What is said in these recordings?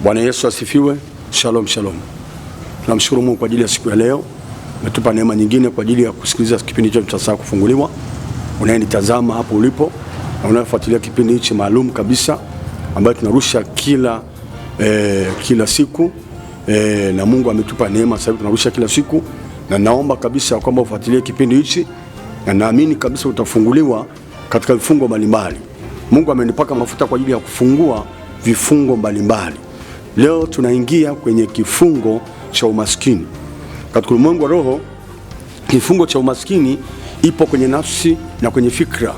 Bwana Yesu asifiwe. Shalom, shalom. Tunamshukuru Mungu kwa ajili ya siku ya leo, umetupa neema nyingine kwa ajili ya kusikiliza kipindi hicho cha Saa Kufunguliwa. Unayenitazama hapo ulipo na unayofuatilia kipindi hichi maalum kabisa ambayo tunarusha kila, eh, kila siku eh, na Mungu ametupa neema sasa hivi tunarusha kila siku, na naomba kabisa kwamba ufuatilie kipindi hichi na naamini kabisa utafunguliwa katika vifungo mbalimbali. Mungu amenipaka mafuta kwa ajili ya kufungua vifungo mbalimbali Leo tunaingia kwenye kifungo cha umaskini. Katika ulimwengu wa roho, kifungo cha umaskini ipo kwenye nafsi na kwenye fikra.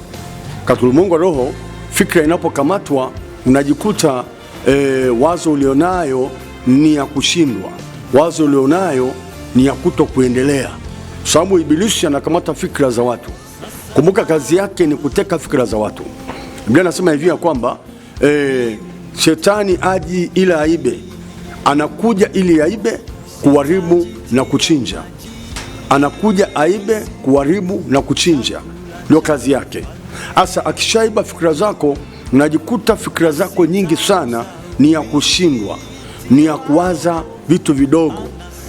Katika ulimwengu wa roho, fikra inapokamatwa unajikuta e, wazo ulionayo ni ya kushindwa, wazo ulionayo ni ya kuto kuendelea, sababu Ibilisi anakamata fikra za watu. Kumbuka kazi yake ni kuteka fikra za watu. Biblia anasema hivi ya kwamba e, Shetani aji ila aibe, anakuja ili aibe, kuharibu na kuchinja. Anakuja aibe, kuharibu na kuchinja, ndio kazi yake. Hasa akishaiba fikira zako, unajikuta fikira zako nyingi sana ni ya kushindwa, ni ya kuwaza vitu vidogo,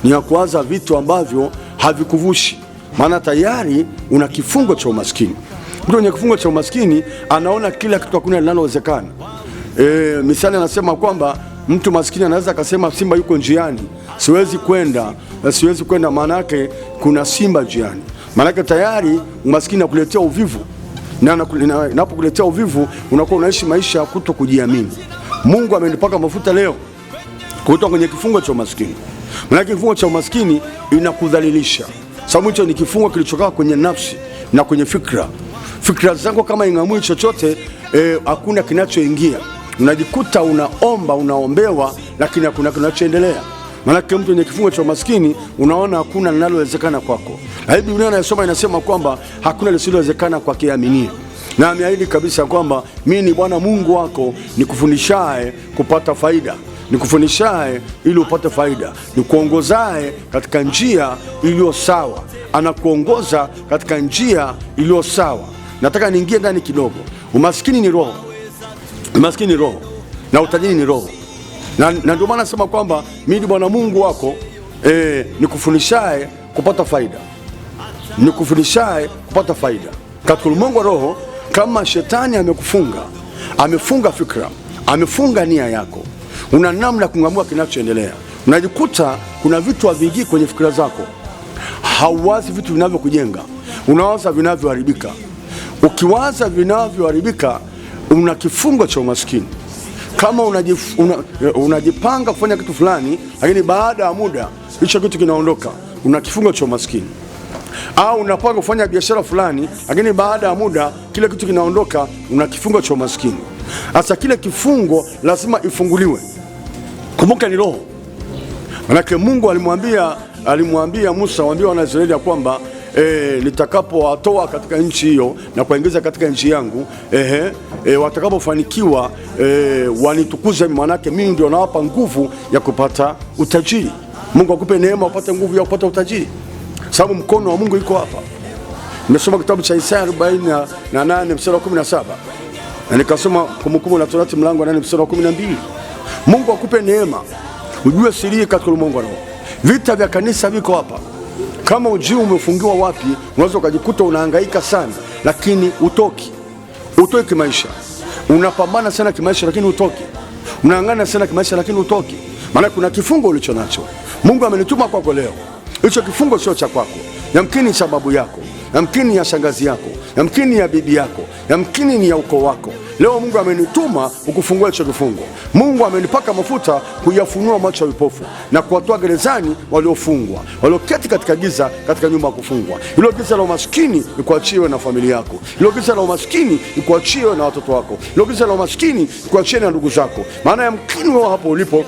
ni ya kuwaza vitu ambavyo havikuvushi, maana tayari una kifungo cha umaskini. Mtu mwenye kifungo cha umaskini anaona kila kitu hakuna linalowezekana e, misali anasema kwamba mtu maskini anaweza akasema simba yuko njiani, siwezi kwenda, siwezi kwenda, maanake kuna simba njiani. Maanake tayari maskini nakuletea uvivu, na napokuletea uvivu unakuwa unaishi maisha ya kuto kujiamini. Mungu amenipaka mafuta leo kutoka kwenye kifungo cha umaskini, maanake kifungo cha umaskini inakudhalilisha, sababu hicho ni kifungo kilichokaa kwenye nafsi na kwenye fikra. Fikra zangu kama ing'amui chochote, e, hakuna eh, kinachoingia unajikuta unaomba, unaombewa, lakini hakuna kinachoendelea. Maanake mtu wenye kifungo cha umaskini, unaona hakuna linalowezekana kwako. Lakini Biblia anayosoma inasema kwamba hakuna lisilowezekana kwa kiaminia, na ameahidi kabisa kwamba mi ni Bwana Mungu wako nikufundishaye kupata faida nikufundishaye ili upate faida, nikuongozaye katika njia iliyo sawa. Anakuongoza katika njia iliyo sawa. Nataka niingie ndani kidogo. Umaskini ni roho Maskini ni roho na utajiri ni roho, na, na ndio maana nasema kwamba mimi Bwana Mungu wako e, nikufundishaye kupata faida, nikufundishaye kupata faida katika ulimwengu wa roho. Kama shetani amekufunga, amefunga fikra, amefunga nia yako, una namna ya kung'amua kinachoendelea. Unajikuta kuna vitu havingii kwenye fikira zako, hauwazi vitu vinavyokujenga, unawaza vinavyoharibika. Ukiwaza vinavyoharibika una kifungo cha umaskini. Kama unajif, una, unajipanga kufanya kitu fulani, lakini baada ya muda hicho kitu kinaondoka, una kifungo cha umaskini. Au unapanga kufanya biashara fulani, lakini baada ya muda kile kitu kinaondoka, una kifungo cha umaskini. hasa kile kifungo lazima ifunguliwe. Kumbuka ni roho, manake Mungu alimwambia alimwambia Musa, waambie wana Israeli ya kwamba e, eh, litakapowatoa katika nchi hiyo na kuingiza katika nchi yangu ehe, e, watakapofanikiwa e, wanitukuze, manake mimi ndio nawapa nguvu ya kupata utajiri. Mungu akupe neema upate nguvu ya kupata utajiri, sababu mkono wa Mungu iko hapa. Nimesoma kitabu cha Isaya 48 mstari wa 17 na nikasoma Kumbukumbu la Torati mlango wa 8 mstari wa 12. Mungu akupe neema ujue siri katika ulimwengu. wa roho. Vita vya kanisa viko hapa. Kama ujui umefungiwa wapi, unaweza ukajikuta unahangaika sana, lakini utoki utoki kimaisha. Unapambana sana kimaisha, lakini utoki. Unaangana sana kimaisha, lakini utoki, maana kuna kifungo ulicho nacho. Mungu amenituma kwako leo, hicho kifungo sio cha kwako, yamkini sababu yako yamkini ni ya shangazi yako, yamkini ya bibi yako, yamkini ni ya ukoo wako. Leo Mungu amenituma ukufungua hicho kifungo. Mungu amenipaka mafuta kuyafunua macho ya vipofu na kuwatoa gerezani waliofungwa, walioketi katika giza, katika nyumba ya kufungwa. Hilo giza la umaskini ikuachiwe na familia yako, hilo giza la umaskini ikuachiwe na watoto wako, hilo giza la umaskini ikuachiwe na ndugu zako, maana yamkini wao hapo ulipo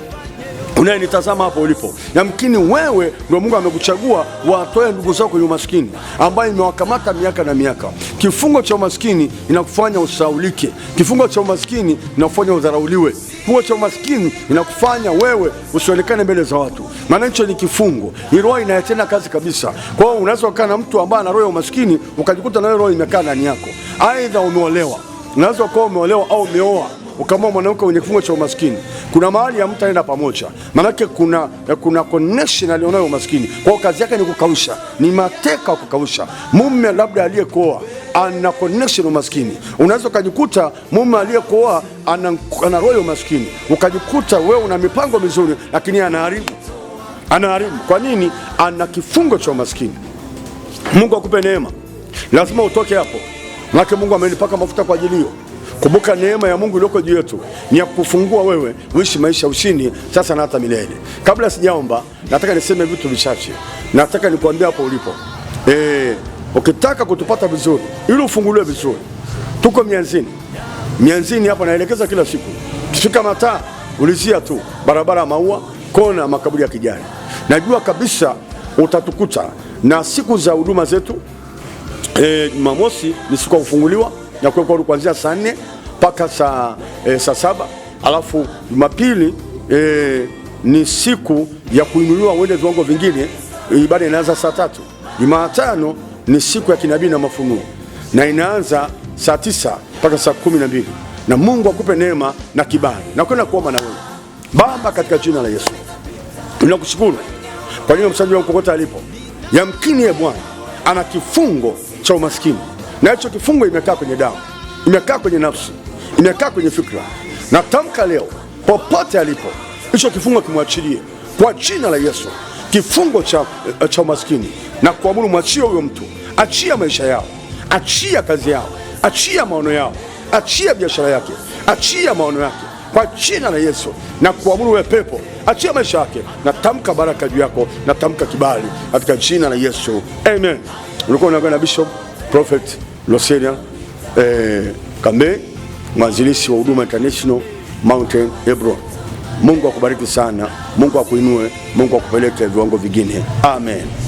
unayenitazama hapo ulipo, yamkini wewe ndio Mungu amekuchagua watoe ndugu zao kwenye umaskini ambayo imewakamata miaka na miaka. Kifungo cha umaskini inakufanya usaulike, kifungo cha umaskini inakufanya udharauliwe, kifungo cha umaskini inakufanya wewe usionekane mbele za watu, maana hicho ni kifungo. Ni roho inayotenda kazi kabisa. Kwa hiyo unaweza kukaa na mtu ambaye ana roho ya umaskini ukajikuta nawe roho imekaa ndani yako. Aidha umeolewa, unaweza ukawa umeolewa au umeoa ukamua mwanamke mwenye kifungo cha umaskini, kuna mahali ya anaenda pamoja, maanake kuna, kuna connection alionayo umaskini. Kwao kazi yake ni kukausha, ni mateka wa kukausha. Mume labda aliyekoa ana connection umaskini, unaweza ukajikuta mume aliyekoa ana, ana roho ya umaskini, ukajikuta wewe una mipango mizuri, lakini anaharibu anaharibu. Kwa nini? Ana kifungo cha umaskini. Mungu akupe neema, lazima utoke hapo, maanake Mungu amenipaka mafuta kwa ajili hiyo. Kumbuka neema ya Mungu iliyoko juu yetu ni ya kufungua wewe uishi maisha ushini sasa na hata milele. Kabla sijaomba, nataka niseme vitu vichache, nataka nikuambia hapo ulipo e, ukitaka kutupata vizuri ili ufunguliwe vizuri, tuko mianzini. Mianzini hapa naelekeza kila siku, kifika mataa ulizia tu barabara ya maua, kona makaburi ya kijani, najua kabisa utatukuta. Na siku za huduma zetu eh, Jumamosi ni siku ya kufunguliwa ya kuanzia saa nne mpaka saa e, saa saba. Alafu Jumapili e, ni siku ya kuinuliwa uende viwango vingine, ibada inaanza saa tatu. Jumatano ni siku ya kinabii na mafunuo na inaanza saa tisa mpaka saa kumi na mbili. Na Mungu akupe neema na kibali. Nakwenda kuomba na wewe Baba, katika jina la Yesu ninakushukuru kwa ajili ya msaji wa kokota alipo. Yamkini ye ee Bwana ana kifungo cha umaskini na hicho kifungo imekaa kwenye damu, imekaa kwenye nafsi, imekaa kwenye fikra. Na tamka leo, popote alipo, hicho kifungo kimwachilie kwa jina la Yesu, kifungo cha, eh, cha umaskini na kuamuru mwachie huyo mtu, achia maisha yao, achia kazi yao, achia maono yao, achia biashara yake, achia maono yake kwa jina la Yesu na kuamuru wewe pepo, achia maisha yake. Natamka baraka juu yako, natamka kibali katika jina la Yesu, amen. Ulikuwa unaongea na Bishop Prophet loseria eh, Kambe, mwanzilishi wa Huduma International Mountain Hebron. Mungu akubariki sana, Mungu akuinue, Mungu akupeleke viwango vingine. Amen.